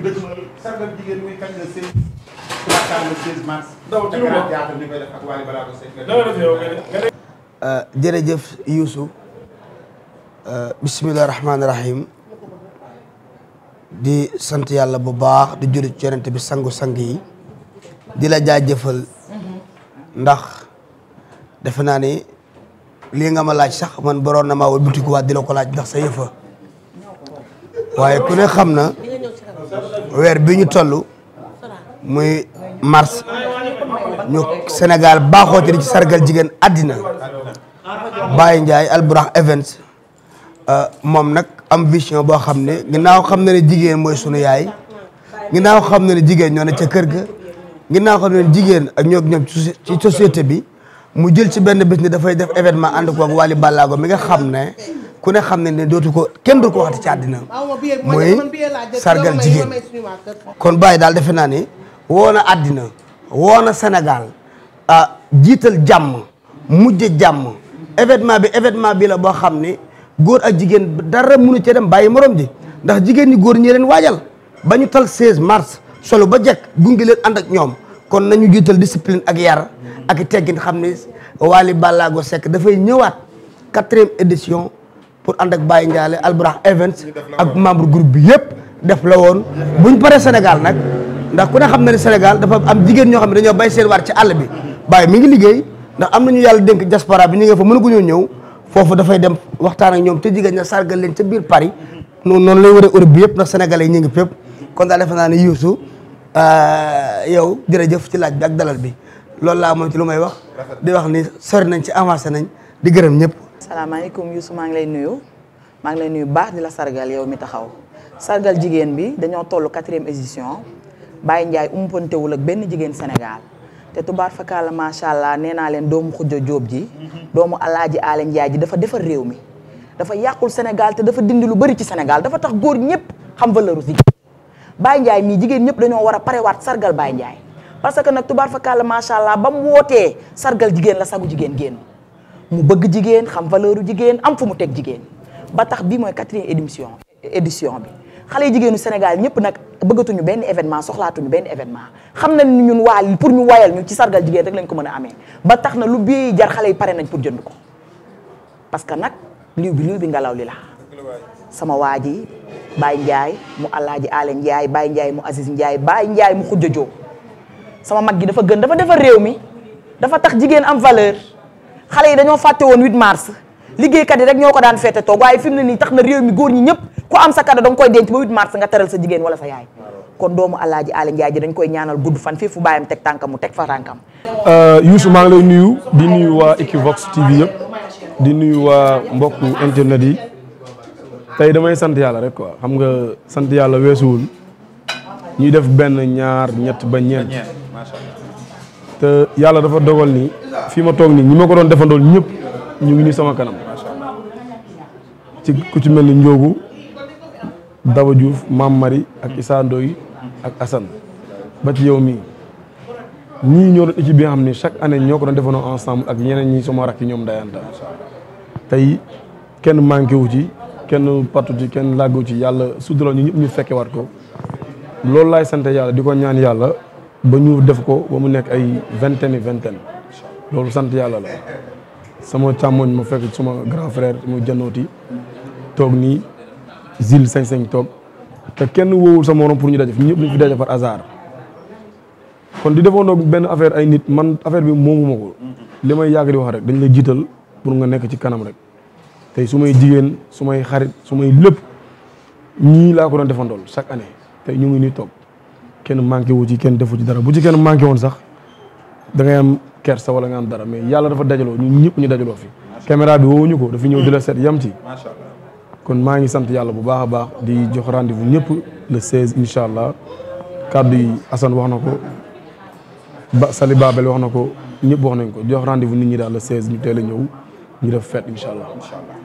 ñu dëgmal sargal jigéen euh, euh, rahim di sant yàlla bu baax di juri ci yonent bi sangu-sang yi di la jaajëfal ndax defe naa ni lii nga ma laaj sax man boroon na maa wal butikuwaat di la ko laaj ndax sa waaye ku ne xam na weer bi ñu toll muy mars ñu Sénégal baaxooti di ci sargal jigéen àddina Baye Ndiaye Alburax Events euh, moom nag am vision boo xam ne ginnaaw xam ne ne jigéen mooy sunu yaay ginnaaw xam na ne jigéen ñoo ne ca kër ga ginnaaw xam na ne jigéen ak ñoo ñoom ci société bi mu jël ci benn bis ni dafay def événement ànd koog Wally Ballago mi nga xam ne ku ne xam ne ne dootu ko kenn du ko waxati ci àddina ah, mooy sargal jigéen kon bàyyi daal defe naa ni woo na àddina woo na Sénégal ah jiital jàmm mujj jàmm événement bi événement bi la boo xam ne góor ak jigéen dara mënu cee dem bàyyi morom ji ndax jigéen ñi góor ñi leen waajal ba ñu tal 16 mars solo ba jekk gunge leen ànd ak ñoom kon nañu jiital discipline ak yar ak teggin xam ne Wally Ballago Seck dafay ñëwaat quatrième édition pour ànd ak Baye Ndialle Albrah Events ak membre groupe bi yëpp def la woon bu buñ paree Sénégal nag ndax ku ne xam na ne Sénégal dafa am jigéen ñoo xam ne dañoo bay seen waar ci àll bi Baye mi ngi liggéey ndax am nañu yàlla dénk diaspora bi ñu nga fa mën ko ñoo ñëw foofu dafay dem waxtaan ak ñoom te jigéen ña sargal leen ca biir Paris noonu noonu lay war a Europe bi yëpp ndax sénégalais yi ñu ngi fépp kon daal defe naa ne Youssou euh, yow jërëjëf ci laaj bi ak dalal bi loolu laa moom ci lu may wax di wax ni sori nañ ci avancé nañ di gërëm ñëpp salaamaaleykum Youssou maa ngi lay nuyu maa ngi lay nuyu baax di la sargal yow mi taxaw sargal jigéen bi dañoo toll quatrième édition Baye Ndiaye umpantewul ak benn jigéen senegal te tubaar fakala macha allah nee naa leen doomu Khoudia jóob ji doomu ji Aale Ndiaye ji dafa defar réew mi dafa yàqul Sénégal te dafa dindi lu bari ci Sénégal dafa tax góor ñëpp xam valeuru jigéen Baye Ndiaye mii jigéen ñëpp dañoo war a parewaat sargal Baye Ndiaye parce que nag tubaar fakala macha allah ba mu wootee sargal jigéen la sagu jigéen génn mu bëgg jigéen xam valeuru jigéen am fu mu teg jigéen ba tax bii mooy quatrième édition édition bi xale jigéenu Sénégal ñëpp nag bëggatuñu benn événement soxlaatuñu benn événement xam nañ ni ñun waa pour ñu wayal ñu ci sargal jigéen rek lañ ko mën a amee ba tax na lu bii jar xale yi pare nañ pour jënd ko parce que nag liw bi liw bi ngelaw li la sama waa ji Baye Ndiaye mu Alaaji Ale Ndiaye Baye Ndiaye mu Aziz Ndiaye Baye Ndiaye mu Khoudia Diop sama mag gi dafa gën dafa defar réew mi dafa tax jigéen am valeur xale yi dañoo fàtte woon 8 mars liggéeykat yi rek ñoo ko daan feete toog waaye fi mu ne nii tax na réew mi góor ñi ñëpp ku am sa kado da koy denc ba 8 mars nga teral sa jigéen wala sa yaay kon doomu Alaaji Aly Ndiaye ji dañ koy ñaanal gudd fan fii fu bàyyam teg tànkam mu teg fa tànkam euh, Youssou maa ngi lay nuyu di nuyu waa Equivox TV yëpp di nuyu waa mbokku internet yi tey damay sant yàlla rek quoi xam nga sant yàlla weesuwul ñuy def benn ñaar ñett ba te yàlla dafa dogal nii fii ma toog nii ñi ma ko doon defandool ñëpp ñu ngi nii sama kanam ci ku ci mel ni Ndiogu Daba Diouf Mame mari ak Issa Ndoye ak Assane ba ci yow mii ñii ñoo doon équipe bi nga xam ne chaque année ñoo ko doon defandoo ensemble ak ñeneen ñi sama rakk ñoom dayanta tey kenn manqué wu ci kenn pattu ci kenn làggu ci yàlla suddaloo ñu ñëpp ñu fekke waat ko loolu laay sant yàlla di ko ñaan yàlla ba ñu def ko ba mu nekk ay vingt vingtaine loolu sant yàlla la sama càmmoñ ma fekk suma grand frère mu janooti toog nii zil cinq cinq toog te kenn wowul sa morom pour ñu daje fi ñëpp ñu fi daje par hasard kon di defandoo benn affaire ay nit man affaire bi moomuma ko li may yàgg di wax rek dañ la jiital pour nga nekk ci kanam rek tey su may jigéen su may xarit su may lépp ñii laa ko doon defandool chaque année te ñu ngi nii toog kenn manqué wu ci kenn defu ci dara bu ci kenn manqué woon sax da ngay am kersa wala nga am dara mais yàlla dafa dajaloo ñun ñëpp ñu dajaloo fi. caméra bi woowuñu ko dafa ñëw di la mm. seet yam ci. kon maa ngi sant yàlla bu baax a baax di jox rendez-vous ñëpp le 16 incha allah kàddu yi Assane wax na ko ba Sali Babel wax na ko ñëpp wax nañ ko jox rendez-vous nit ñi daal le 16 ñu teel a ñëw ñu def fête incha allah.